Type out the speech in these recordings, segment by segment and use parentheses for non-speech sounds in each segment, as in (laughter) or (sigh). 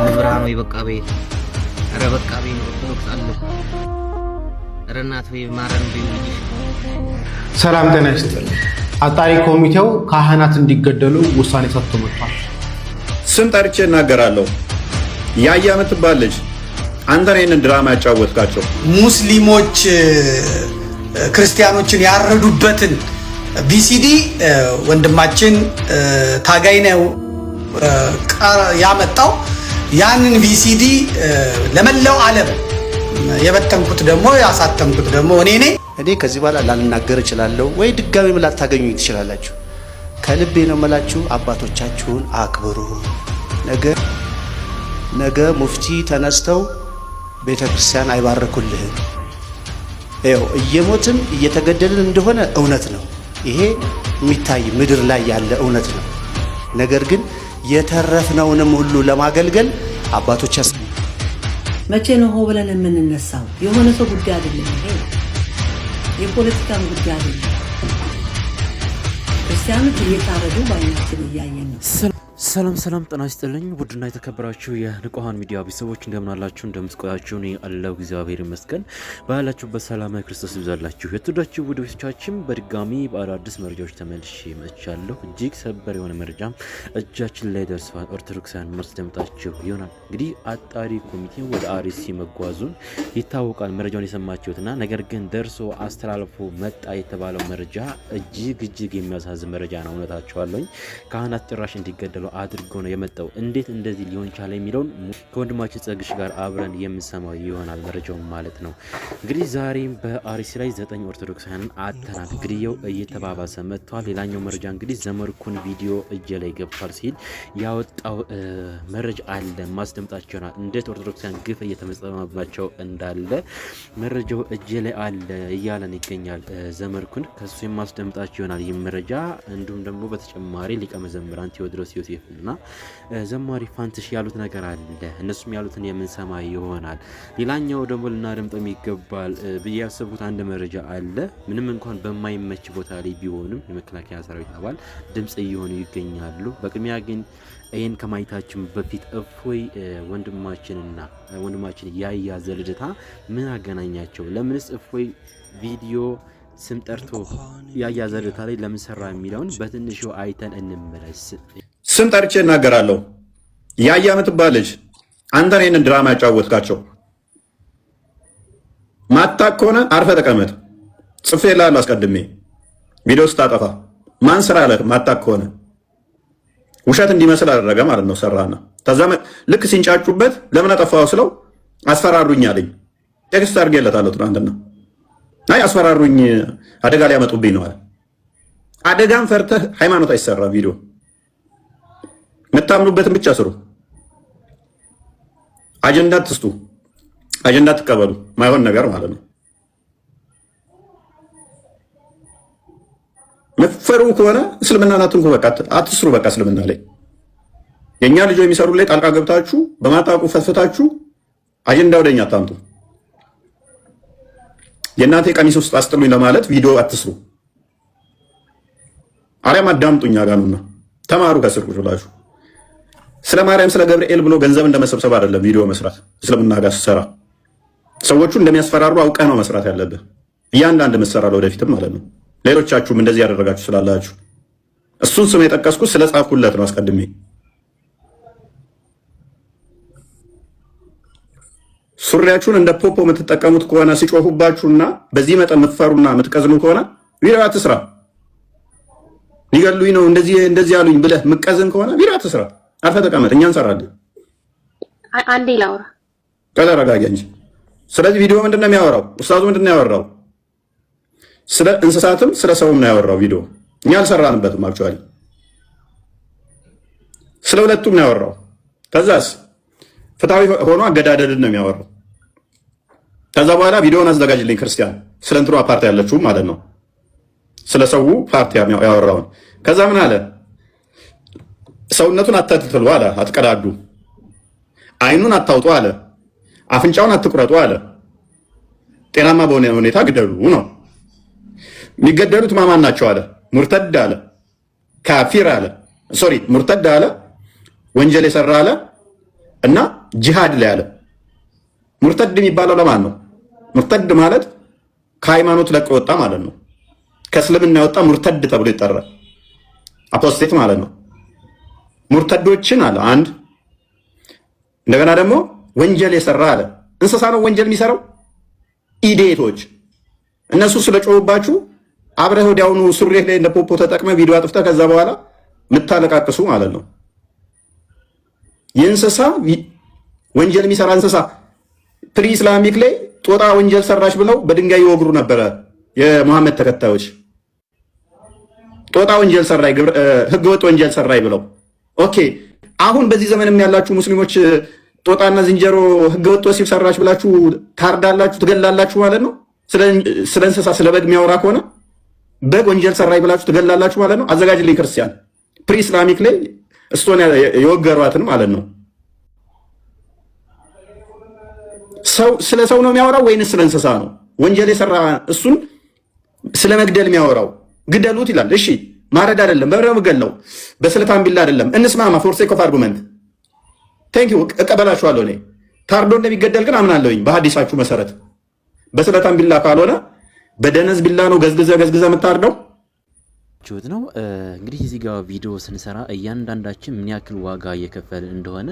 መብርሃን ወይ በቃ ቤት ረ በቃ ቤት ኦርቶዶክስ አለ ረ እናት ወይ ማረን ቤ ሰላም ጤና ይስጥል። አጣሪ ኮሚቴው ካህናት እንዲገደሉ ውሳኔ ሰጥቶ መጥቷል። ስም ጠርቼ እናገራለሁ። ያያ የምትባል ልጅ አንተ ነው ይህንን ድራማ ያጫወትካቸው ሙስሊሞች ክርስቲያኖችን ያረዱበትን ቢሲዲ ወንድማችን ታጋይ ነው ያመጣው። ያንን ቪሲዲ ለመላው ዓለም የበተንኩት ደግሞ ያሳተንኩት ደግሞ እኔ ኔ እኔ ከዚህ በኋላ ላልናገር እችላለሁ ወይ ድጋሜም ታገኙ ትችላላችሁ። ከልቤ ነው መላችሁ። አባቶቻችሁን አክብሩ። ነገ ነገ ሙፍቲ ተነስተው ቤተ ክርስቲያን አይባርኩልህም። ይኸው እየሞትን እየተገደልን እንደሆነ እውነት ነው። ይሄ የሚታይ ምድር ላይ ያለ እውነት ነው። ነገር ግን የተረፍነውንም ሁሉ ለማገልገል አባቶች ያስ መቼ ነው ሆ ብለን የምንነሳው? የሆነ ሰው ጉዳይ አይደለም። ይሄ የፖለቲካም ጉዳይ አይደለም። ክርስቲያኖች እየታረዱ በዓይናችን እያየን ነው። ሰላም ሰላም ጤና ይስጥልኝ ውድና የተከበራችሁ የንቁሃን ሚዲያ ቤተሰቦች እንደምናላችሁ እንደምስቆያችሁ እኔ አለው እግዚአብሔር ይመስገን። ባላችሁበት ሰላማዊ ክርስቶስ ይብዛላችሁ። የትዳችሁ ውድ ቤቶቻችን በድጋሚ በአዳዲስ መረጃዎች ተመልሼ መጥቻለሁ። እጅግ ሰበር የሆነ መረጃ እጃችን ላይ ደርሰዋል። መርስ ደምጣችሁ ይሆናል። እንግዲህ አጣሪ ኮሚቴ ወደ አርሲ መጓዙን ይታወቃል። መረጃውን የሰማችሁትና ነገር ግን ደርሶ አስተላልፎ መጣ የተባለው መረጃ እጅግ እጅግ የሚያሳዝን መረጃ ነው። እውነታቸዋለኝ ካህናት ጭራሽ እንዲገደሉ እንዳለው አድርጎ ነው የመጣው። እንዴት እንደዚህ ሊሆን ቻለ የሚለውን ከወንድማችን ጸግሽ ጋር አብረን የምንሰማው ይሆናል መረጃው ማለት ነው። እንግዲህ ዛሬም በአርሲ ላይ ዘጠኝ ኦርቶዶክሳውያንን አተናል። ግድያው እየተባባሰ መጥቷል። ሌላኛው መረጃ እንግዲህ ዘመርኩን ቪዲዮ እጄ ላይ ገብቷል ሲል ያወጣው መረጃ አለ ማስደምጣቸው ይሆናል። እንዴት ኦርቶዶክሳውያን ግፍ እየተመጸመባቸው እንዳለ መረጃው እጄ ላይ አለ እያለን ይገኛል። ዘመርኩን። ከሱ የማስደምጣቸው ይሆናል ይህ መረጃ እንዲሁም ደግሞ በተጨማሪ ሊቀ መዘምራን ቴዎድሮስ ዩቲዩብ እና ዘማሪ ፋንትሽ ያሉት ነገር አለ። እነሱም ያሉትን የምንሰማ ይሆናል። ሌላኛው ደግሞ ልናደምጠም የሚገባል ብዬ ያሰብኩት አንድ መረጃ አለ። ምንም እንኳን በማይመች ቦታ ላይ ቢሆንም የመከላከያ ሰራዊት አባል ድምፅ እየሆኑ ይገኛሉ። በቅድሚያ ግን ይህን ከማየታችን በፊት እፎይ ወንድማችንና ወንድማችን ያያ ዘልድታ ምን አገናኛቸው? ለምንስ እፎይ ቪዲዮ ስም ጠርቶ ያያ ዘልድታ ላይ ለምን ሰራ የሚለውን በትንሹ አይተን እንመለስ። ስም ጠርቼ እናገራለሁ። ያያ ምትባል ልጅ አንተን ይህንን ድራማ ያጫወትካቸው ማታቅ ከሆነ አርፈ ተቀመጥ። ጽፌ ላሉ አስቀድሜ ቪዲዮ ስታጠፋ ማን ስራ አለ ማታቅ ከሆነ ውሸት እንዲመስል አደረገ ማለት ነው። ሰራና ተዛመ ልክ ሲንጫጩበት ለምን አጠፋው ስለው አስፈራሩኝ አለኝ። ቴክስት አድርጌለታለሁ ትናንትና። አይ አስፈራሩኝ፣ አደጋ ሊያመጡብኝ ነው አለ። አደጋን ፈርተህ ሃይማኖት አይሰራ ቪዲዮ የምታምኑበትን ብቻ ስሩ። አጀንዳ ትስጡ፣ አጀንዳ ትቀበሉ። ማይሆን ነገር ማለት ነው። መፈሩ ከሆነ እስልምና ናትንኩ በቃ አትስሩ። በቃ እስልምና ላይ የእኛ ልጆ የሚሰሩ ላይ ጣልቃ ገብታችሁ በማጣቁ ፈትፍታችሁ አጀንዳ ወደኛ አታምጡ። የእናቴ ቀሚስ ውስጥ አስጥሉኝ ለማለት ቪዲዮ አትስሩ። አሊያም አዳምጡኛ ጋኑና ተማሩ ከስር ቁጭ ብላችሁ ስለ ማርያም ስለ ገብርኤል ብሎ ገንዘብ እንደመሰብሰብ አይደለም ቪዲዮ መስራት። እስልምና ጋር ስትሰራ ሰዎቹ እንደሚያስፈራሩ አውቀህ ነው መስራት ያለብህ። እያንዳንድ መሰራለ ወደፊትም ማለት ነው። ሌሎቻችሁም እንደዚህ ያደረጋችሁ ስላላችሁ እሱን ስም የጠቀስኩት ስለ ጻፍኩለት ነው አስቀድሜ። ሱሪያችሁን እንደ ፖፖ የምትጠቀሙት ከሆነ ሲጮሁባችሁና በዚህ መጠን የምትፈሩና የምትቀዝኑ ከሆነ ቪዲዮ አትስራ። ሊገሉኝ ነው እንደዚህ እንደዚህ አሉኝ ብለህ የምትቀዝን ከሆነ ቪዲዮ አትስራ። አርፈ ተቀመጥ፣ እኛ እንሰራለን። አንዴ ላውራ። ከተረጋጋ እንጂ። ስለዚህ ቪዲዮ ምንድን ነው የሚያወራው? ኡስታዙ ምንድን ነው ያወራው? ስለ እንስሳትም ስለ ሰውም ነው ያወራው ቪዲዮ። እኛ አልሰራንበትም። አክቹዋሊ ስለ ሁለቱም ነው ያወራው። ከዛስ ፍትሐዊ ሆኖ አገዳደልን ነው የሚያወራው። ከዛ በኋላ ቪዲዮውን አዘጋጅልኝ ክርስቲያን፣ ስለ እንትኗ ፓርቲ ያለችው ማለት ነው፣ ስለ ሰው ፓርቲ ያወራውን። ከዛ ምን አለ ሰውነቱን አታትትሉ አለ፣ አትቀዳዱ። አይኑን አታውጡ አለ፣ አፍንጫውን አትቁረጡ አለ። ጤናማ በሆነ ሁኔታ ግደሉ ነው። የሚገደሉት ማማን ናቸው አለ። ሙርተድ አለ፣ ካፊር አለ፣ ሶሪ ሙርተድ አለ፣ ወንጀል የሰራ አለ እና ጂሃድ ላይ አለ። ሙርተድ የሚባለው ለማን ነው? ሙርተድ ማለት ከሃይማኖት ለቆ ወጣ ማለት ነው። ከእስልምና የወጣ ሙርተድ ተብሎ ይጠራል። አፖስቴት ማለት ነው። ሙርተዶችን አለ አንድ እንደገና ደግሞ ወንጀል የሰራ አለ እንስሳ ነው ወንጀል የሚሰራው ኢዴቶች እነሱ ስለጮሁባችሁ አብረህ ወዲያውኑ ሱሬህ ላይ እንደ ፖፖ ቪዲዮ አጥፍተ ከዛ በኋላ የምታለቃቅሱ ማለት ነው። የእንስሳ ወንጀል የሚሰራ እንስሳ ፕሪ ኢስላሚክ ላይ ጦጣ ወንጀል ሰራሽ ብለው በድንጋይ ይወግሩ ነበረ የሙሐመድ ተከታዮች። ጦጣ ወንጀል ሰራይ፣ ህገወጥ ወንጀል ሰራይ ብለው ኦኬ አሁን በዚህ ዘመንም ያላችሁ ሙስሊሞች ጦጣና ዝንጀሮ ህገወጥ ወሲብ ሰራች ብላችሁ ታርዳላችሁ፣ ትገላላችሁ ማለት ነው። ስለ እንስሳ ስለ በግ የሚያወራ ከሆነ በግ ወንጀል ሰራች ብላችሁ ትገላላችሁ ማለት ነው። አዘጋጅልኝ ክርስቲያን ፕሪ ኢስላሚክ ላይ እስቶን የወገሯትን ማለት ነው። ስለ ሰው ነው የሚያወራው ወይንስ ስለ እንስሳ ነው? ወንጀል የሰራ እሱን ስለ መግደል የሚያወራው ግደሉት ይላል። እሺ ማረድ አይደለም፣ በምንድን ነው በስለታም ቢላ አይደለም። እንስማማ ፎር ሴክ ኦፍ አርጉመንት ቴንክ ዩ እቀበላችኋለሁ። እኔ ታርዶ እንደሚገደል ግን አምናለሁኝ በሀዲሳችሁ መሰረት። በስለታም ቢላ ካልሆነ በደነዝ ቢላ ነው ገዝግዘ ገዝግዘ የምታርደው እንዳያችሁት ነው እንግዲህ እዚህ ጋር ቪዲዮ ስንሰራ እያንዳንዳችን ምን ያክል ዋጋ እየከፈል እንደሆነ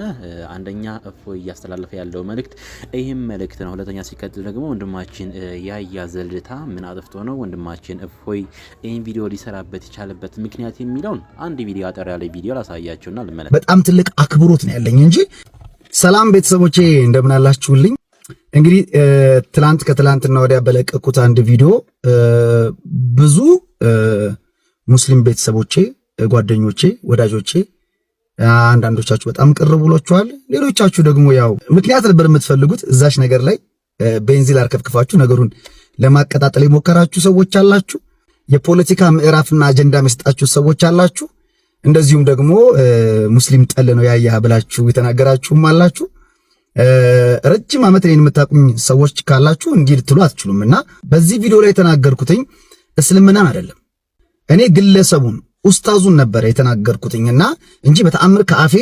አንደኛ እፎይ እያስተላለፈ ያለው መልእክት ይህም መልእክት ነው። ሁለተኛ ሲቀጥል ደግሞ ወንድማችን ያያ ዘልድታ ምን አጥፍቶ ነው ወንድማችን እፎይ ይህን ቪዲዮ ሊሰራበት የቻለበት ምክንያት የሚለውን አንድ ቪዲዮ አጠር ያለ ቪዲዮ ላሳያችሁና ልመለስ። በጣም ትልቅ አክብሮት ነው ያለኝ እንጂ ሰላም ቤተሰቦቼ እንደምን አላችሁልኝ? እንግዲህ ትላንት ከትላንትና ወዲያ በለቀቁት አንድ ቪዲዮ ብዙ ሙስሊም ቤተሰቦቼ፣ ጓደኞቼ፣ ወዳጆቼ አንዳንዶቻችሁ በጣም ቅር ብሏችኋል። ሌሎቻችሁ ደግሞ ያው ምክንያት ነበር የምትፈልጉት እዛች ነገር ላይ ቤንዚል አርከፍክፋችሁ ነገሩን ለማቀጣጠል የሞከራችሁ ሰዎች አላችሁ። የፖለቲካ ምዕራፍና አጀንዳ መስጣችሁ ሰዎች አላችሁ። እንደዚሁም ደግሞ ሙስሊም ጠል ነው ያያ ብላችሁ የተናገራችሁም አላችሁ። ረጅም ዓመት እኔን የምታቁኝ ሰዎች ካላችሁ እንዲህ ልትሉ አትችሉም እና በዚህ ቪዲዮ ላይ የተናገርኩትኝ እስልምናን አይደለም እኔ ግለሰቡን ኡስታዙን ነበር የተናገርኩትኝና እንጂ በተአምር ከአፌ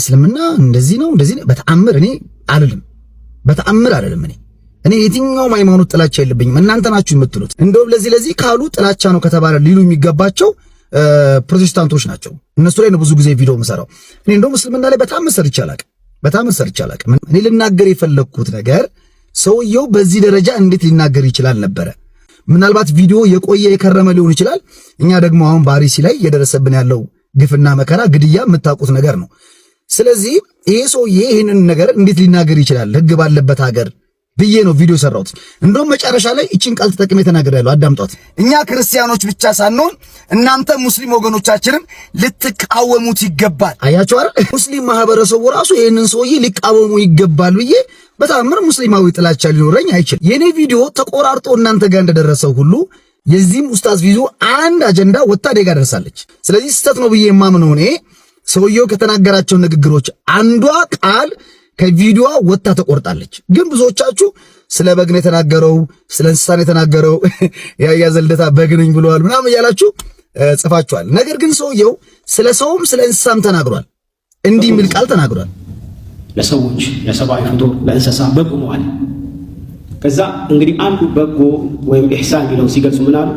እስልምና እንደዚህ ነው እንደዚህ ነው በተአምር እኔ አልልም። በተአምር አልልም። እኔ እኔ የትኛውም ሃይማኖት ጥላቻ የለብኝም። እናንተ ናችሁ የምትሉት። እንደውም ለዚህ ለዚህ ካሉ ጥላቻ ነው ከተባለ ሊሉ የሚገባቸው ፕሮቴስታንቶች ናቸው። እነሱ ላይ ነው ብዙ ጊዜ ቪዲዮ የምሰራው። እኔ እንደውም እስልምና ላይ በጣም ሰርቼ አላቅም፣ በጣም ሰርቼ አላቅም። እኔ ልናገር የፈለግኩት ነገር ሰውየው በዚህ ደረጃ እንዴት ሊናገር ይችላል ነበረ ምናልባት ቪዲዮ የቆየ የከረመ ሊሆን ይችላል። እኛ ደግሞ አሁን በአርሲ ላይ እየደረሰብን ያለው ግፍና መከራ፣ ግድያ የምታውቁት ነገር ነው። ስለዚህ ይሄ ሰውዬ ይህንን ነገር እንዴት ሊናገር ይችላል ህግ ባለበት ሀገር ብዬ ነው ቪዲዮ ሰራሁት። እንደውም መጨረሻ ላይ እቺን ቃል ተጠቅሜ ተናግሬያለሁ። አዳምጧት። እኛ ክርስቲያኖች ብቻ ሳንሆን እናንተ ሙስሊም ወገኖቻችንም ልትቃወሙት ይገባል። አያችሁ አይደል? ሙስሊም ማህበረሰቡ ራሱ ይህንን ሰውዬ ሊቃወሙ ይገባል ብዬ በተአምር ሙስሊማዊ ጥላቻ ሊኖረኝ አይችልም። የኔ ቪዲዮ ተቆራርጦ እናንተ ጋር እንደደረሰው ሁሉ የዚህም ኡስታዝ ቪዲዮ አንድ አጀንዳ ወታ ደጋ ደርሳለች። ስለዚህ ስህተት ነው ብዬ የማምነው እኔ ሰውየው ከተናገራቸው ንግግሮች አንዷ ቃል ከቪዲዮዋ ወታ ተቆርጣለች። ግን ብዙዎቻችሁ ስለ ነው የተናገረው ስለ ነው የተናገረው ያያ (laughs) ዘልደታ ነኝ ብለዋል ምናምን እያላችሁ ጽፋችኋል። ነገር ግን ሰውየው ስለ ሰውም ስለ እንስሳም ተናግሯል። እንዲህ የሚል ቃል ተናግሯል። ለሰዎች ለሰብአዊ ፍጡር ለእንስሳ በጎ መዋል። ከዛ እንግዲህ አንዱ በጎ ወይም ኢሕሳን የሚለው ሲገልጹ ምን አሉ?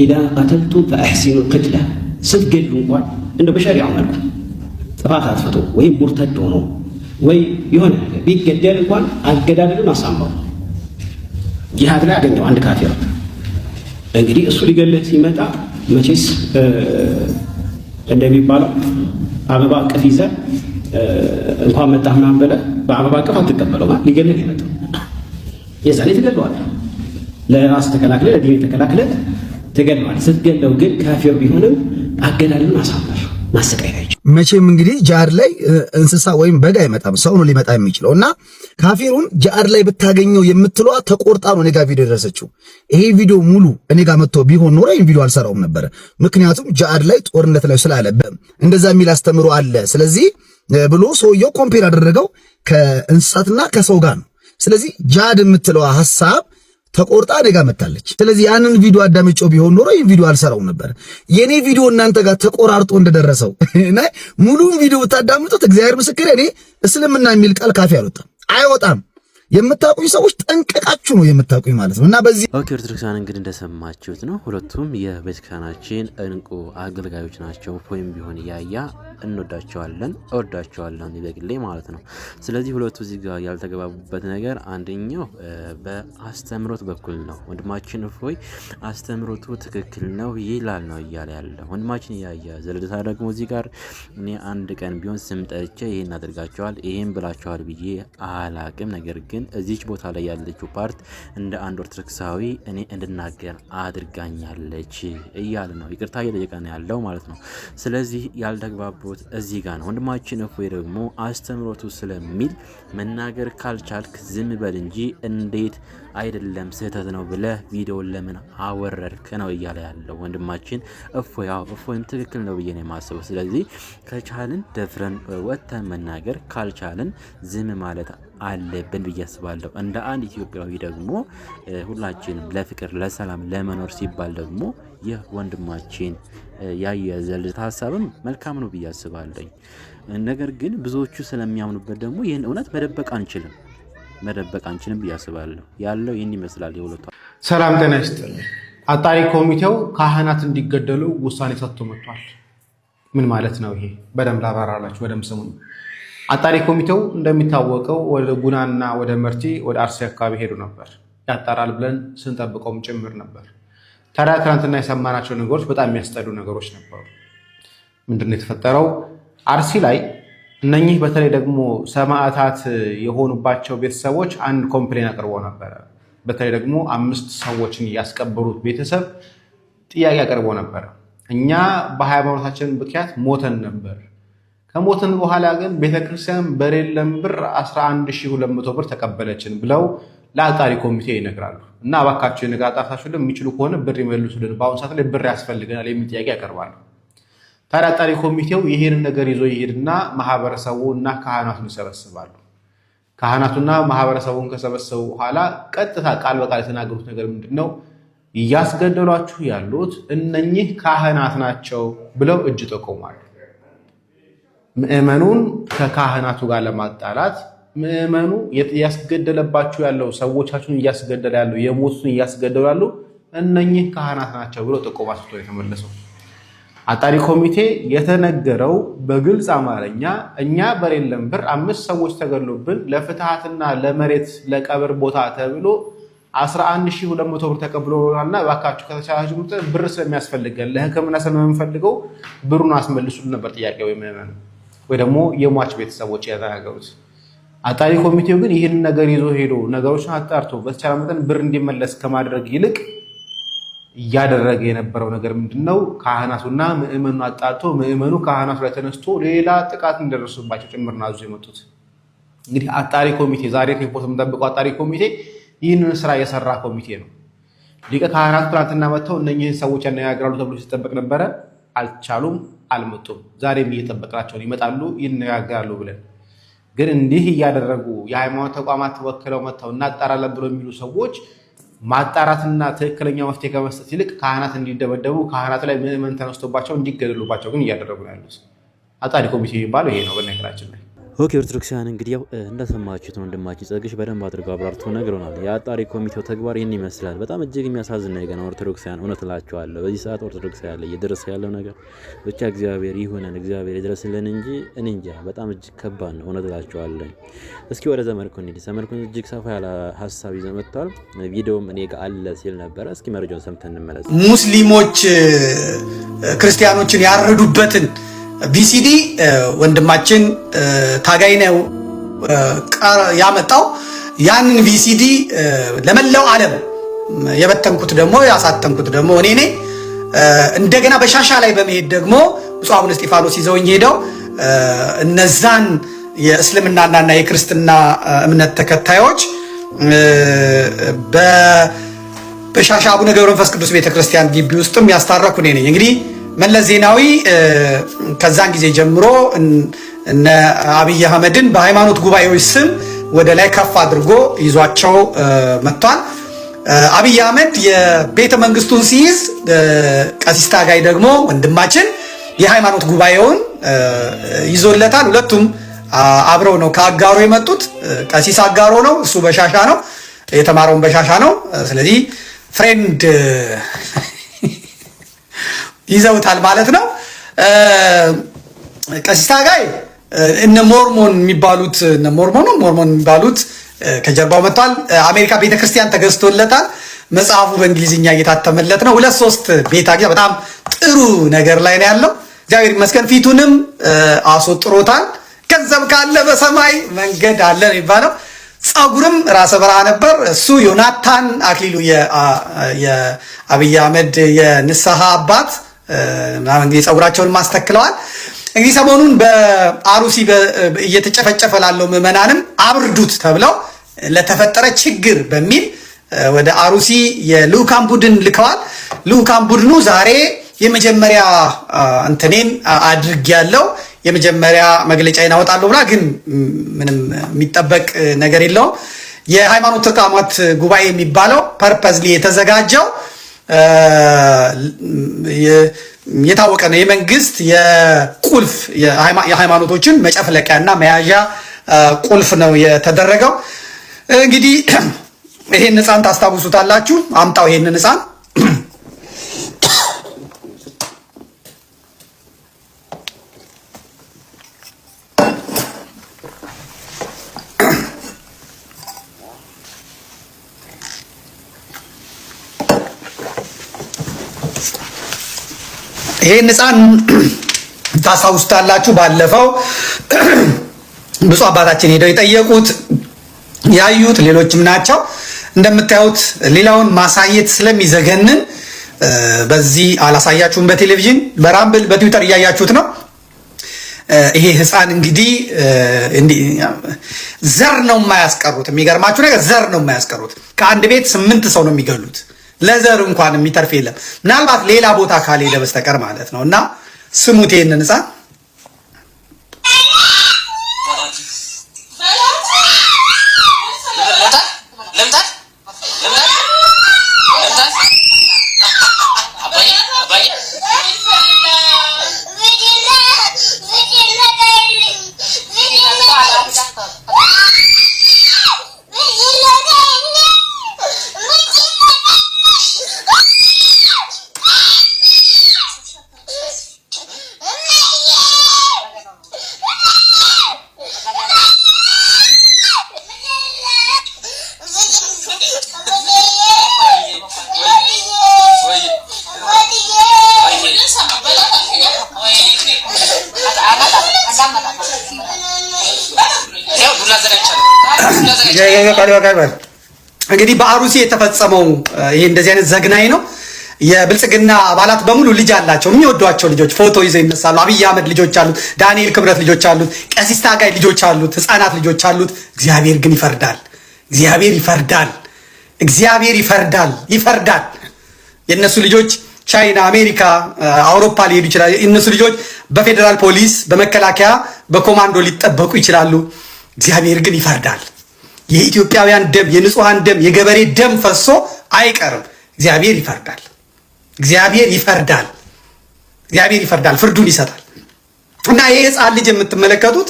ኢዛ ቀተልቱ ፈአሕሲኑ ቅትላ፣ ስትገሉ እንኳን እንደ በሸሪዓው መልኩ ጥፋት አጥፍቶ ወይም ሙርተድ ሆኖ ወይ የሆነ ቢገደል እንኳን አገዳደሉን አሳምረው። ጂሃድ ላይ አገኘው አንድ ካፊር እንግዲህ እሱ ሊገለህ ሲመጣ መቼስ እንደሚባለው አበባ እቅፍ ይዘህ እንኳን መጣህ ምናምን ብለህ በአበባ አቀፍ አትቀበለው። ማለት ሊገልህ የዛኔ ትገለዋል። ለራስ ተከላክለ ለዲ ተከላክለ ትገለዋል። ስትገለው ግን ካፊር ቢሆንም አገላልን አሳምር ማሰቃየት መቼም እንግዲህ ጃር ላይ እንስሳ ወይም በግ አይመጣም፣ ሰው ነው ሊመጣ የሚችለው። እና ካፊሩን ጃር ላይ ብታገኘው የምትለዋ ተቆርጣ ነው እኔ ጋር ቪዲዮ የደረሰችው። ይሄ ቪዲዮ ሙሉ እኔ ጋር መጥቶ ቢሆን ኖረ ይህን ቪዲዮ አልሰራውም ነበረ። ምክንያቱም ጃር ላይ ጦርነት ላይ ስላለ እንደዛ የሚል አስተምሮ አለ። ስለዚህ ብሎ ሰውየው ኮምፔር ያደረገው ከእንስሳትና ከሰው ጋር ነው። ስለዚህ ጃድ የምትለዋ ሐሳብ ተቆርጣ እኔ ጋር መታለች። ስለዚህ ያንን ቪዲዮ አዳምጮ ቢሆን ኖሮ ይህን ቪዲዮ አልሰራው ነበር። የኔ ቪዲዮ እናንተ ጋር ተቆራርጦ እንደደረሰው እና (laughs) ሙሉን ቪዲዮ ብታዳምጡት እግዚአብሔር ምስክር፣ እኔ እስልምና የሚል ቃል ካፌ አልወጣም አይወጣም። የምታውቁኝ ሰዎች ጠንቀቃችሁ ነው የምታውቁኝ ማለት ነው። እና በዚህ ኦኬ ኦርቶዶክሳን እንግዲህ እንደሰማችሁት ነው። ሁለቱም የቤተክርስቲያናችን እንቁ አገልጋዮች ናቸው። ፖይም ቢሆን እያያ እንወዳቸዋለን፣ እወዳቸዋለን በግሌ ማለት ነው። ስለዚህ ሁለቱ እዚህ ጋር ያልተገባቡበት ነገር አንደኛው በአስተምሮት በኩል ነው። ወንድማችን እፎይ አስተምሮቱ ትክክል ነው ይላል ነው እያለ ያለ ወንድማችን እያየ ዘለደታ ደግሞ እዚህ ጋር እኔ አንድ ቀን ቢሆን ስም ጠርቼ ይህን አድርጋቸዋል ይህን ብላቸዋል ብዬ አላቅም። ነገር ግን እዚች ቦታ ላይ ያለችው ፓርት እንደ አንድ ኦርቶዶክሳዊ እኔ እንድናገር አድርጋኛለች እያለ ነው። ይቅርታ እየጠየቀ ነው ያለው ማለት ነው። ስለዚህ ያልተግባቡ አስተምሮት እዚህ ጋር ነው። ወንድማችን እፎይ ደግሞ አስተምሮቱ ስለሚል መናገር ካልቻልክ ዝም በል እንጂ እንዴት አይደለም ስህተት ነው ብለህ ቪዲዮን ለምን አወረድክ ነው እያለ ያለው ወንድማችን እፎይ። አዎ እፎይም ትክክል ነው ብዬ ነው የማስበው። ስለዚህ ከቻልን ደፍረን ወጥተን መናገር ካልቻልን ዝም ማለት አለብን ብዬ አስባለሁ። እንደ አንድ ኢትዮጵያዊ ደግሞ ሁላችንም ለፍቅር ለሰላም ለመኖር ሲባል ደግሞ የወንድማችን ያያዘልት ሀሳብም መልካም ነው ብዬ አስባለኝ። ነገር ግን ብዙዎቹ ስለሚያምኑበት ደግሞ ይህን እውነት መደበቅ አንችልም መደበቅ አንችልም ብዬ አስባለሁ። ያለው ይህን ይመስላል። የሁለቱ ሰላም ጤና ይስጥልኝ። አጣሪ ኮሚቴው ካህናት እንዲገደሉ ውሳኔ ሰጥቶ መጥቷል። ምን ማለት ነው ይሄ? በደንብ ላብራራላችሁ፣ በደንብ ስሙ። አጣሪ ኮሚቴው እንደሚታወቀው ወደ ጉናና ወደ መርቲ ወደ አርሲ አካባቢ ሄዱ ነበር ያጣራል ብለን ስንጠብቀውም ጭምር ነበር። ታዲያ ትናንትና የሰማናቸው ነገሮች በጣም የሚያስጠሉ ነገሮች ነበሩ። ምንድን ነው የተፈጠረው? አርሲ ላይ እነኚህ በተለይ ደግሞ ሰማዕታት የሆኑባቸው ቤተሰቦች አንድ ኮምፕሌን አቅርቦ ነበረ። በተለይ ደግሞ አምስት ሰዎችን ያስቀበሩት ቤተሰብ ጥያቄ አቅርቦ ነበረ። እኛ በሃይማኖታችን ምክንያት ሞተን ነበር። ከሞተን በኋላ ግን ቤተክርስቲያን በሌለን ብር 11200 ብር ተቀበለችን ብለው ለአጣሪ ኮሚቴ ይነግራሉ እና እባካቸው የነገ አጣርታችሁልን የሚችሉ ከሆነ ብር ይመልሱልን፣ በአሁኑ ሰዓት ላይ ብር ያስፈልገናል የሚል ጥያቄ ያቀርባሉ። ታዲያ አጣሪ ኮሚቴው ይሄንን ነገር ይዞ ይሄድና ማህበረሰቡ እና ካህናቱን ይሰበስባሉ። ካህናቱና ማህበረሰቡን ከሰበሰቡ በኋላ ቀጥታ ቃል በቃል የተናገሩት ነገር ምንድን ነው? እያስገደሏችሁ ያሉት እነኚህ ካህናት ናቸው ብለው እጅ ጠቆማሉ። ምዕመኑን ከካህናቱ ጋር ለማጣላት ምዕመኑ እያስገደለባቸው ያለው ሰዎቻችሁን እያስገደለ ያለው የሞቱን እያስገደሉ ያሉ እነኚህ ካህናት ናቸው ብሎ ጥቆማ ሰጥቶ የተመለሰው አጣሪ ኮሚቴ የተነገረው በግልጽ አማርኛ እኛ በሌለን ብር አምስት ሰዎች ተገሉብን፣ ለፍትሃትና ለመሬት ለቀብር ቦታ ተብሎ 11200 ብር ተቀብሎናልና እባካችሁ ከተቻላችሁ ብር ስለሚያስፈልገን ለሕክምና ስለምንፈልገው ብሩን አስመልሱልን ነበር ጥያቄ ወይ ምዕመኑ ወይ ደግሞ የሟች ቤተሰቦች የተናገሩት። አጣሪ ኮሚቴው ግን ይህን ነገር ይዞ ሄዶ ነገሮችን አጣርቶ በተቻለ መጠን ብር እንዲመለስ ከማድረግ ይልቅ እያደረገ የነበረው ነገር ምንድን ነው? ካህናቱና ምዕመኑ አጣርቶ ምዕመኑ ካህናቱ ላይ ተነስቶ ሌላ ጥቃት እንደደረሱባቸው ጭምር ነው የመጡት። እንግዲህ አጣሪ ኮሚቴ ዛሬ ሪፖርት የምጠብቀው አጣሪ ኮሚቴ ይህንን ስራ የሰራ ኮሚቴ ነው። ሊቀ ካህናቱ ትናንትና መጥተው እነኝህን ሰዎች ያነጋግራሉ ተብሎ ሲጠበቅ ነበረ። አልቻሉም፣ አልመጡም። ዛሬም እየጠበቅናቸውን ይመጣሉ፣ ይነጋግራሉ ብለን ግን እንዲህ እያደረጉ የሃይማኖት ተቋማት ወክለው መጥተው እናጣራለን ብሎ የሚሉ ሰዎች ማጣራትና ትክክለኛ መፍትሄ ከመስጠት ይልቅ ካህናት እንዲደበደቡ ካህናት ላይ ምዕመን ተነስቶባቸው እንዲገደሉባቸው ግን እያደረጉ ነው ያሉት። አጣሪ ኮሚቴ የሚባለው ይሄ ነው በነገራችን ላይ ኦኬ ኦርቶዶክሳውያን እንግዲህ ያው እንደሰማችሁት ወንድማችን ጸግሽ በደንብ አድርገው አብራርቶ ነግሮናል። የአጣሪ ኮሚቴው ተግባር ይህን ይመስላል። በጣም እጅግ የሚያሳዝን ነገር ነው። ኦርቶዶክሳውያን እውነት እላቸዋለሁ፣ በዚህ ሰዓት ኦርቶዶክሳውያን ላይ እየደረሰ ያለው ነገር ብቻ እግዚአብሔር ይሁነን፣ እግዚአብሔር ይድረስልን እንጂ እኔ እንጃ፣ በጣም እጅግ ከባድ ነው። እውነት እላቸዋለሁ። እስኪ ወደ ዘመድኩን እንሂድ። ዘመድኩን እጅግ ሰፋ ያለ ሀሳብ ይዘው መጥቷል። ቪዲዮም እኔ ጋር አለ ሲል ነበረ። እስኪ መረጃውን ሰምተን እንመለስ። ሙስሊሞች ክርስቲያኖችን ያረዱበትን ቪሲዲ ወንድማችን ታጋይ ነው ያመጣው። ያንን ቪሲዲ ለመላው ዓለም የበተንኩት ደግሞ ያሳተንኩት ደግሞ እኔ ነኝ። እንደገና በሻሻ ላይ በመሄድ ደግሞ ብፁዕ አቡነ እስጢፋኖስ ይዘውኝ ሄደው እነዛን የእስልምናና የክርስትና እምነት ተከታዮች በሻሻ አቡነ ገብረ መንፈስ ቅዱስ ቤተክርስቲያን ግቢ ውስጥም ያስታረኩ እኔ ነኝ እንግዲህ መለስ ዜናዊ ከዛን ጊዜ ጀምሮ እነ አብይ አህመድን በሃይማኖት ጉባኤዎች ስም ወደ ላይ ከፍ አድርጎ ይዟቸው መጥቷል። አብይ አህመድ የቤተ መንግስቱን ሲይዝ፣ ቀሲስ ታጋይ ደግሞ ወንድማችን የሃይማኖት ጉባኤውን ይዞለታል። ሁለቱም አብረው ነው ከአጋሮ የመጡት። ቀሲስ አጋሮ ነው፣ እሱ በሻሻ ነው የተማረውን በሻሻ ነው። ስለዚህ ፍሬንድ ይዘውታል ማለት ነው። ቀሲስ ታጋይ እነ ሞርሞን የሚባሉት እነ ሞርሞኑ ሞርሞን የሚባሉት ከጀርባው መጥቷል። አሜሪካ ቤተክርስቲያን ተገዝቶለታል። መጽሐፉ በእንግሊዝኛ እየታተመለት ነው። ሁለት ሶስት ቤታ በጣም ጥሩ ነገር ላይ ነው ያለው። እግዚአብሔር ይመስገን ፊቱንም አስወጥሮታል። ገንዘብ ካለ በሰማይ መንገድ አለ ነው የሚባለው። ጸጉርም ራሰ በረሃ ነበር። እሱ ዮናታን አክሊሉ የአብይ አህመድ የንስሐ አባት እንግዲህ ጸጉራቸውን ማስተክለዋል። እንግዲህ ሰሞኑን በአሩሲ እየተጨፈጨፈ ላለው ምዕመናንም አብርዱት ተብለው ለተፈጠረ ችግር በሚል ወደ አሩሲ የልዑካን ቡድን ልከዋል። ልዑካን ቡድኑ ዛሬ የመጀመሪያ እንትኔን አድርግ ያለው የመጀመሪያ መግለጫ ይናወጣሉ ብላ ግን ምንም የሚጠበቅ ነገር የለውም። የሃይማኖት ተቋማት ጉባኤ የሚባለው ፐርፐዝሊ የተዘጋጀው የታወቀ ነው። የመንግስት የቁልፍ የሃይማኖቶችን መጨፍለቂያ እና መያዣ ቁልፍ ነው የተደረገው። እንግዲህ (clears throat) ይሄን ህፃን ታስታውሱታላችሁ። አምጣው ይሄንን ህፃን። ይሄን ሕፃን ታስታውሱታላችሁ። ባለፈው ብፁዕ አባታችን ሄደው የጠየቁት ያዩት ሌሎችም ናቸው። እንደምታዩት ሌላውን ማሳየት ስለሚዘገንን በዚህ አላሳያችሁም። በቴሌቪዥን በራምብል በትዊተር እያያችሁት ነው። ይሄ ህፃን እንግዲህ ዘር ነው የማያስቀሩት። የሚገርማችሁ ነገር ዘር ነው የማያስቀሩት። ከአንድ ቤት ስምንት ሰው ነው የሚገሉት። ለዘር እንኳን የሚተርፍ የለም ምናልባት ሌላ ቦታ ካልሄደ በስተቀር ማለት ነው። እና ስሙት ይህንን እንግዲህ በአሩሲ የተፈጸመው ይሄ እንደዚህ አይነት ዘግናኝ ነው። የብልጽግና አባላት በሙሉ ልጅ አላቸው፣ የሚወዷቸው ልጆች ፎቶ ይዘው ይነሳሉ። አብይ አህመድ ልጆች አሉት፣ ዳንኤል ክብረት ልጆች አሉት፣ ቀሲስ ታጋይ ልጆች አሉት፣ ህፃናት ልጆች አሉት። እግዚአብሔር ግን ይፈርዳል። እግዚአብሔር ይፈርዳል። እግዚአብሔር ይፈርዳል፣ ይፈርዳል። የእነሱ ልጆች ቻይና፣ አሜሪካ፣ አውሮፓ ሊሄዱ ይችላሉ። የእነሱ ልጆች በፌዴራል ፖሊስ፣ በመከላከያ፣ በኮማንዶ ሊጠበቁ ይችላሉ። እግዚአብሔር ግን ይፈርዳል። የኢትዮጵያውያን ደም፣ የንጹሐን ደም፣ የገበሬ ደም ፈሶ አይቀርም። እግዚአብሔር ይፈርዳል። እግዚአብሔር ይፈርዳል። እግዚአብሔር ይፈርዳል፣ ፍርዱን ይሰጣል። እና ይህ ሕፃን ልጅ የምትመለከቱት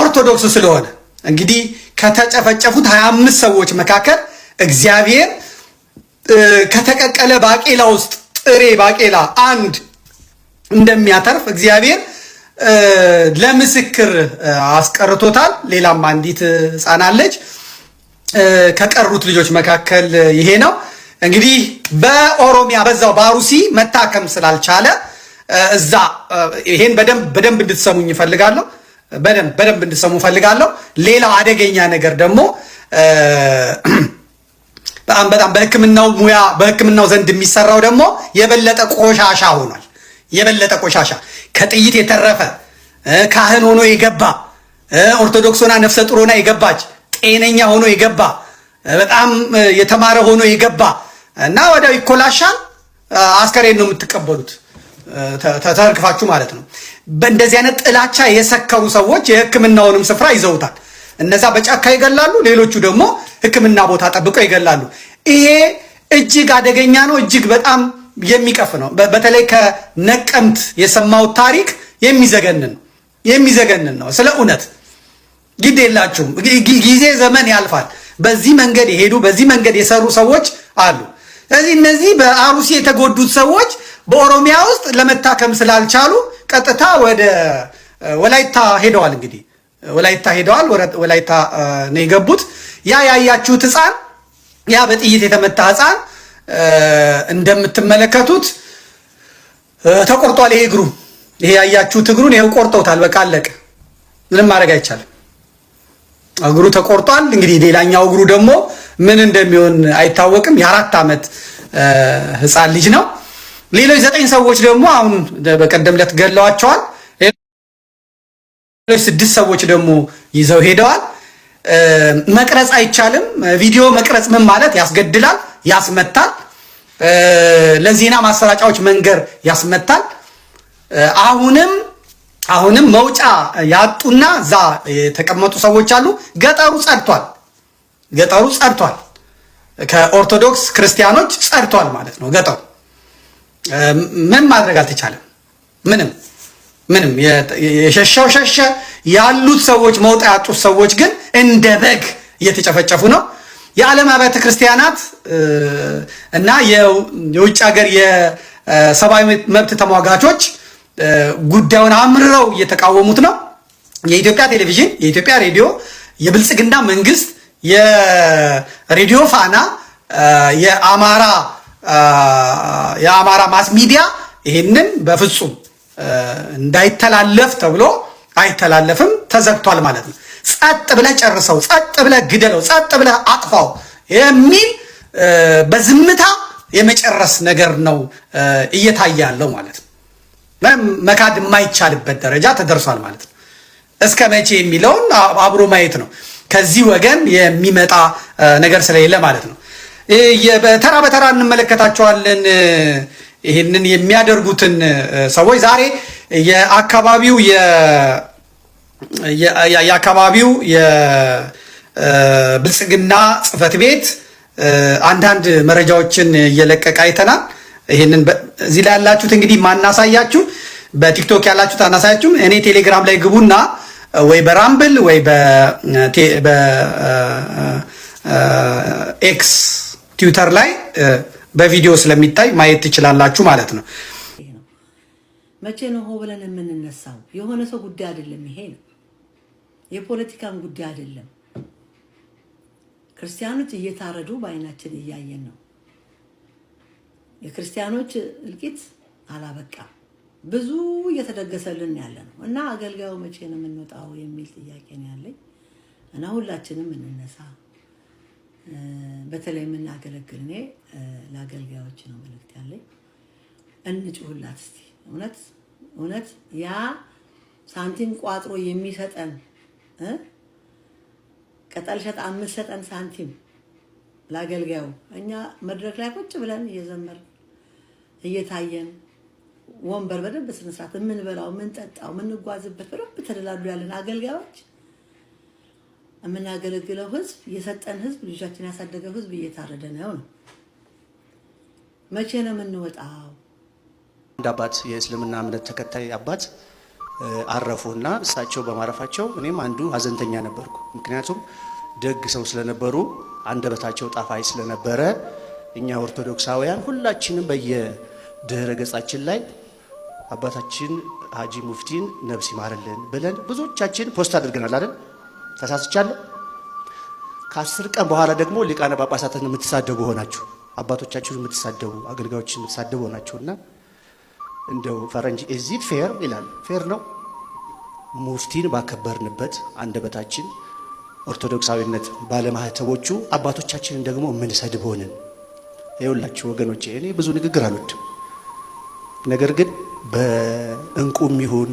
ኦርቶዶክስ ስለሆነ እንግዲህ ከተጨፈጨፉት ሀያ አምስት ሰዎች መካከል እግዚአብሔር ከተቀቀለ ባቄላ ውስጥ ጥሬ ባቄላ አንድ እንደሚያተርፍ እግዚአብሔር ለምስክር አስቀርቶታል። ሌላም አንዲት ሕፃን አለች። ከቀሩት ልጆች መካከል ይሄ ነው እንግዲህ በኦሮሚያ በዛው በአሩሲ መታከም ስላልቻለ እዛ ይሄን በደንብ እንድትሰሙኝ እፈልጋለሁ። በደንብ በደንብ እንድትሰሙ ፈልጋለሁ። ሌላው አደገኛ ነገር ደግሞ በጣም በጣም በህክምናው ሙያ በህክምናው ዘንድ የሚሰራው ደግሞ የበለጠ ቆሻሻ ሆኗል። የበለጠ ቆሻሻ ከጥይት የተረፈ ካህን ሆኖ የገባ ኦርቶዶክስ ሆና ነፍሰ ጡር ሆና የገባች ጤነኛ ሆኖ የገባ በጣም የተማረ ሆኖ የገባ እና ወደ ይኮላሻል። አስከሬን ነው የምትቀበሉት ተርግፋችሁ ማለት ነው። በእንደዚህ አይነት ጥላቻ የሰከሩ ሰዎች የሕክምናውንም ስፍራ ይዘውታል። እነዛ በጫካ ይገላሉ፣ ሌሎቹ ደግሞ ሕክምና ቦታ ጠብቀው ይገላሉ። ይሄ እጅግ አደገኛ ነው። እጅግ በጣም የሚቀፍ ነው። በተለይ ከነቀምት የሰማሁት ታሪክ የሚዘገንን ነው የሚዘገንን ነው። ስለ እውነት ግድ የላችሁም። ጊዜ ዘመን ያልፋል። በዚህ መንገድ የሄዱ በዚህ መንገድ የሰሩ ሰዎች አሉ። ስለዚህ እነዚህ በአሩሲ የተጎዱት ሰዎች በኦሮሚያ ውስጥ ለመታከም ስላልቻሉ ቀጥታ ወደ ወላይታ ሄደዋል። እንግዲህ ወላይታ ሄደዋል። ወላይታ ነው የገቡት። ያ ያያችሁት ህፃን ያ በጥይት የተመታ ህፃን። እንደምትመለከቱት ተቆርጧል። ይሄ እግሩ ይሄ ያያችሁት እግሩን ይሄው ቆርጠውታል። በቃ አለቀ። ምንም ማድረግ አይቻልም። እግሩ ተቆርጧል። እንግዲህ ሌላኛው እግሩ ደግሞ ምን እንደሚሆን አይታወቅም። የአራት ዓመት ህፃን ልጅ ነው። ሌሎች ዘጠኝ ሰዎች ደግሞ አሁን በቀደም ዕለት ገለዋቸዋል። ሌሎች ስድስት ሰዎች ደግሞ ይዘው ሄደዋል። መቅረጽ አይቻልም። ቪዲዮ መቅረጽ ምን ማለት ያስገድላል። ያስመታል። ለዜና ማሰራጫዎች መንገር ያስመታል። አሁንም አሁንም መውጫ ያጡና እዛ የተቀመጡ ሰዎች አሉ። ገጠሩ ጸድቷል፣ ገጠሩ ጸድቷል። ከኦርቶዶክስ ክርስቲያኖች ጸድቷል ማለት ነው። ገጠሩ ምን ማድረግ አልተቻለም። ምንም ምንም የሸሻው ሸሸ። ያሉት ሰዎች መውጣ ያጡት ሰዎች ግን እንደ በግ እየተጨፈጨፉ ነው። የዓለም አብያተ ክርስቲያናት እና የውጭ ሀገር የሰብአዊ መብት ተሟጋቾች ጉዳዩን አምርረው እየተቃወሙት ነው። የኢትዮጵያ ቴሌቪዥን፣ የኢትዮጵያ ሬዲዮ፣ የብልጽግና መንግስት፣ የሬዲዮ ፋና፣ የአማራ የአማራ ማስ ሚዲያ ይህንን በፍጹም እንዳይተላለፍ ተብሎ አይተላለፍም፣ ተዘግቷል ማለት ነው። ጸጥ ብለ ጨርሰው፣ ጸጥ ብለ ግደለው፣ ጸጥ ብለ አጥፋው የሚል በዝምታ የመጨረስ ነገር ነው እየታያለው ማለት ነው። መካድ የማይቻልበት ደረጃ ተደርሷል ማለት ነው። እስከ መቼ የሚለውን አብሮ ማየት ነው። ከዚህ ወገን የሚመጣ ነገር ስለሌለ ማለት ነው። በተራ በተራ እንመለከታቸዋለን ይህንን የሚያደርጉትን ሰዎች ዛሬ የአካባቢው የአካባቢው የብልጽግና ጽህፈት ቤት አንዳንድ መረጃዎችን እየለቀቀ አይተናል። ይህንን እዚህ ላይ ያላችሁት እንግዲህ ማናሳያችሁ በቲክቶክ ያላችሁት አናሳያችሁም። እኔ ቴሌግራም ላይ ግቡና ወይ በራምብል ወይ በኤክስ ትዊተር ላይ በቪዲዮ ስለሚታይ ማየት ትችላላችሁ ማለት ነው። መቼ ነው ሆ ብለን የምንነሳው? የሆነ ሰው ጉዳይ አይደለም ይሄ ነው። የፖለቲካን ጉዳይ አይደለም። ክርስቲያኖች እየታረዱ በአይናችን እያየን ነው። የክርስቲያኖች እልቂት አላበቃም። ብዙ እየተደገሰልን ያለ ነው እና አገልጋዩ መቼ ነው የምንወጣው የሚል ጥያቄ ነው ያለኝ እና ሁላችንም እንነሳ። በተለይ የምናገለግል እኔ ለአገልጋዮች ነው መልእክት ያለኝ። እንጩሁላት እስቲ እውነት እውነት ያ ሳንቲም ቋጥሮ የሚሰጠን ቅጠል ሸጥ አምስት ሰጠን ሳንቲም ለአገልጋዩ። እኛ መድረክ ላይ ቁጭ ብለን እየዘመር እየታየን ወንበር በደንብ ስነስርዓት የምንበላው የምንጠጣው የምንጓዝበት በደንብ ተደላሉ ያለን አገልጋዮች የምናገለግለው ህዝብ የሰጠን ህዝብ ልጆቻችን ያሳደገው ህዝብ እየታረደ ነው ነው። መቼ ነው የምንወጣው? አንድ አባት የእስልምና እምነት ተከታይ አባት አረፉ እና እሳቸው በማረፋቸው እኔም አንዱ ሀዘንተኛ ነበርኩ። ምክንያቱም ደግ ሰው ስለነበሩ አንደበታቸው ጣፋይ ስለነበረ እኛ ኦርቶዶክሳውያን ሁላችንም በየድህረ ገጻችን ላይ አባታችን ሀጂ ሙፍቲን ነብስ ይማርልን ብለን ብዙዎቻችን ፖስት አድርገናል አይደል? ተሳስቻለሁ። ከአስር ቀን በኋላ ደግሞ ሊቃነ ጳጳሳትን የምትሳደቡ ሆናችሁ፣ አባቶቻችሁን የምትሳደቡ፣ አገልጋዮችን የምትሳደቡ ሆናችሁና እንደው ፈረንጅ እዚህ ፌር ይላል። ፌር ነው። ሙፍቲን ባከበርንበት አንደበታችን ኦርቶዶክሳዊነት ባለማህተቦቹ አባቶቻችንን ደግሞ ምንሰድብ ሆንን። ይኸውላችሁ ወገኖቼ እኔ ብዙ ንግግር አልወድም። ነገር ግን በእንቁም ይሁን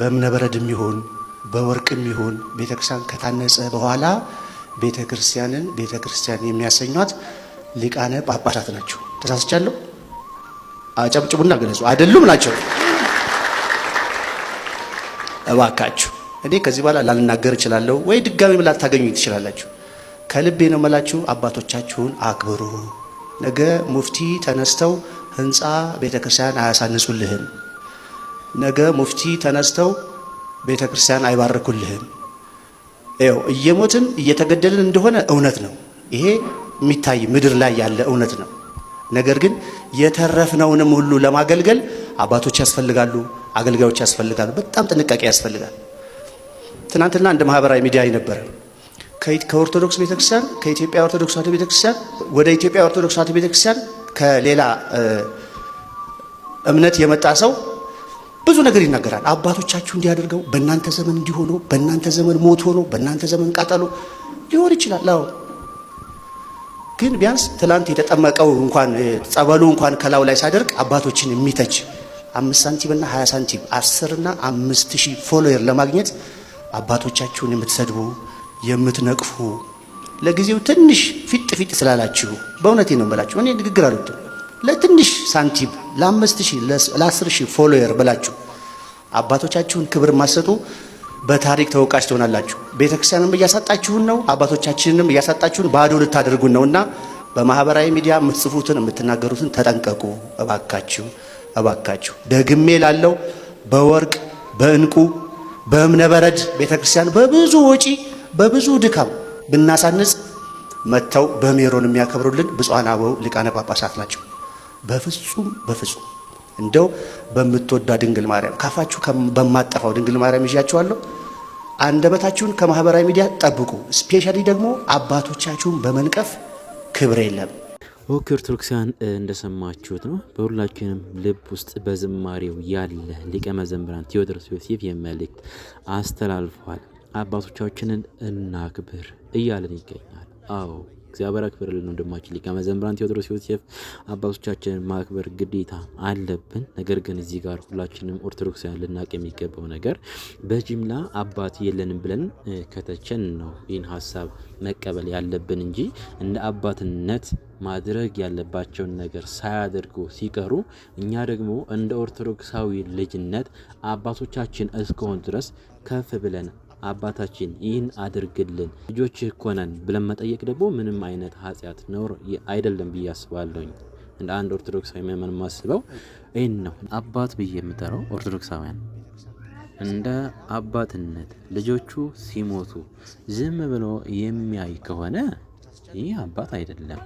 በእምነበረድ ይሁን በወርቅም ይሁን ቤተክርስቲያን ከታነጸ በኋላ ቤተክርስቲያንን ቤተክርስቲያን የሚያሰኟት ሊቃነ ጳጳሳት ናቸው። ተሳስቻለሁ? አጨብጭቡና ገለጹ። አይደሉም ናቸው። እባካችሁ እኔ ከዚህ በኋላ ላልናገር እችላለሁ ወይ ድጋሚ ላታገኙ ትችላላችሁ። ከልቤ ነው መላችሁ። አባቶቻችሁን አክብሩ። ነገ ሙፍቲ ተነስተው ህንፃ ቤተክርስቲያን ክርስቲያን አያሳንጹልህም። ነገ ሙፍቲ ተነስተው ቤተክርስቲያን አይባርኩልህም። ይኸው እየሞትን እየተገደልን እንደሆነ እውነት ነው። ይሄ የሚታይ ምድር ላይ ያለ እውነት ነው። ነገር ግን የተረፍነውንም ሁሉ ለማገልገል አባቶች ያስፈልጋሉ፣ አገልጋዮች ያስፈልጋሉ። በጣም ጥንቃቄ ያስፈልጋል። ትናንትና አንድ ማህበራዊ ሚዲያ ነበረ። ከኦርቶዶክስ ቤተክርስቲያን ከኢትዮጵያ ኦርቶዶክስ ተዋህዶ ቤተክርስቲያን ወደ ኢትዮጵያ ኦርቶዶክስ ተዋህዶ ቤተክርስቲያን ከሌላ እምነት የመጣ ሰው ብዙ ነገር ይናገራል። አባቶቻችሁ እንዲያደርገው በእናንተ ዘመን እንዲሆኑ በእናንተ ዘመን ሞት ሆኖ በእናንተ ዘመን ቃጠሎ ሊሆን ይችላል። ግን ቢያንስ ትላንት የተጠመቀው እንኳን ጸበሉ እንኳን ከላው ላይ ሳደርግ አባቶችን የሚተች አምስት ሳንቲምና ሀያ ሳንቲም አስርና አምስት ሺህ ፎሎየር ለማግኘት አባቶቻችሁን የምትሰድቡ የምትነቅፉ ለጊዜው ትንሽ ፊጥ ፊጥ ስላላችሁ በእውነቴ ነው የምላችሁ። እኔ ንግግር አሉት ለትንሽ ሳንቲም ለአምስት ሺህ ለአስር ሺህ ፎሎየር ብላችሁ አባቶቻችሁን ክብር ማሰጡ በታሪክ ተወቃሽ ትሆናላችሁ። ቤተክርስቲያንም እያሳጣችሁን ነው፣ አባቶቻችንንም እያሳጣችሁን ባዶ ልታደርጉን ነው እና በማህበራዊ ሚዲያ የምትጽፉትን የምትናገሩትን ተጠንቀቁ። እባካችሁ እባካችሁ፣ ደግሜ ላለው በወርቅ በእንቁ በእብነበረድ ቤተክርስቲያን በብዙ ወጪ በብዙ ድካም ብናሳንጽ መጥተው በሜሮን የሚያከብሩልን ብፁዓን አበው ሊቃነ ጳጳሳት ናቸው። በፍጹም በፍጹም እንደው በምትወዳ ድንግል ማርያም ካፋችሁ በማጠፋው ድንግል ማርያም ይዣችኋለሁ። አንደበታችሁን ከማህበራዊ ሚዲያ ጠብቁ። ስፔሻሊ ደግሞ አባቶቻችሁን በመንቀፍ ክብር የለም። ኦኬ ኦርቶዶክሳን እንደሰማችሁት ነው። በሁላችንም ልብ ውስጥ በዝማሬው ያለ ሊቀ መዘምራን ቴዎድሮስ ዮሴፍ የመልእክት አስተላልፏል። አባቶቻችንን እናክብር እያለን ይገኛል። አዎ እግዚአብሔር አክብርልን ወንድማችን ሊቀ መዘምራን ቴዎድሮስ ዮሴፍ አባቶቻችንን ማክበር ግዴታ አለብን። ነገር ግን እዚህ ጋር ሁላችንም ኦርቶዶክሳውያን ልናቅ የሚገባው ነገር በጅምላ አባት የለንም ብለን ከተቸን ነው ይህን ሀሳብ መቀበል ያለብን እንጂ እንደ አባትነት ማድረግ ያለባቸውን ነገር ሳያደርጉ ሲቀሩ እኛ ደግሞ እንደ ኦርቶዶክሳዊ ልጅነት አባቶቻችን እስከሆን ድረስ ከፍ ብለን አባታችን ይህን አድርግልን ልጆች ኮነን ብለን መጠየቅ ደግሞ ምንም አይነት ኃጢአት ነውር አይደለም ብዬ አስባለሁኝ። እንደ አንድ ኦርቶዶክሳዊ ምዕመን ማስበው ይህን ነው። አባት ብዬ የምጠራው ኦርቶዶክሳውያን እንደ አባትነት ልጆቹ ሲሞቱ ዝም ብሎ የሚያይ ከሆነ ይህ አባት አይደለም።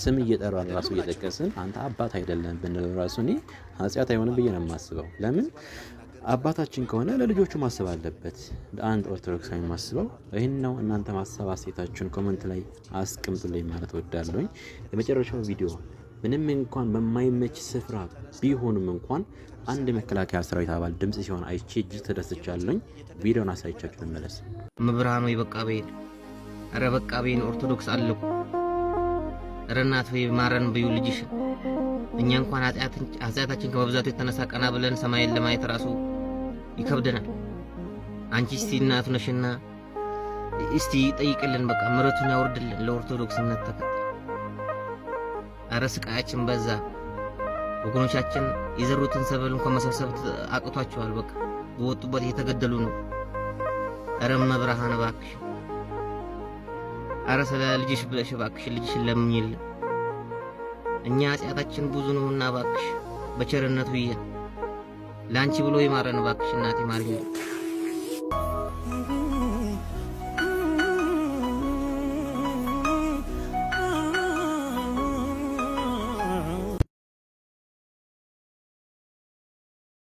ስም እየጠራ ራሱ እየጠቀስን አንተ አባት አይደለም ብንለው ራሱ እኔ ኃጢአት አይሆንም ብዬ ነው የማስበው። ለምን አባታችን ከሆነ ለልጆቹ ማሰብ አለበት። ለአንድ ኦርቶዶክሳዊ ማስበው ይህን ነው። እናንተ ማሰብ አስተያየታችሁን ኮመንት ላይ አስቀምጡልኝ ማለት ወዳለኝ። የመጨረሻው ቪዲዮ ምንም እንኳን በማይመች ስፍራ ቢሆንም እንኳን አንድ የመከላከያ ሰራዊት አባል ድምፅ ሲሆን አይቼ እጅግ ተደስቻለኝ። ቪዲዮን አሳይቻችሁ እንመለስ። መብርሃን ወይ በቃ በይን፣ ኧረ በቃ ቤን ኦርቶዶክስ አለሁ ኧረ እናት ወይ ማረን ብዩ ልጅሽ። እኛ እንኳን ኃጢአታችን ከመብዛቱ የተነሳ ቀና ብለን ሰማይን ለማየት ራሱ ይከብደናል። አንቺ እስቲ እናቱ ነሽና እስቲ ጠይቅልን፣ በቃ ምረቱን ያወርድልን ለኦርቶዶክስ እምነት ተከታይ። አረ ስቃያችን በዛ። ወገኖቻችን የዘሩትን ሰብል እንኳን መሰብሰብ አቅቷቸዋል። በቃ በወጡበት እየተገደሉ ነው። አረ መብርሃን እባክሽ፣ አረ ስለ ልጅሽ ብለሽ እባክሽ ልጅሽን ለምኝልን። እኛ ኃጢአታችን ብዙ ነውና እባክሽ በቸርነቱ ይየን። ለአንቺ ብሎ ይማረን እባክሽ እናቴ ማርኝ።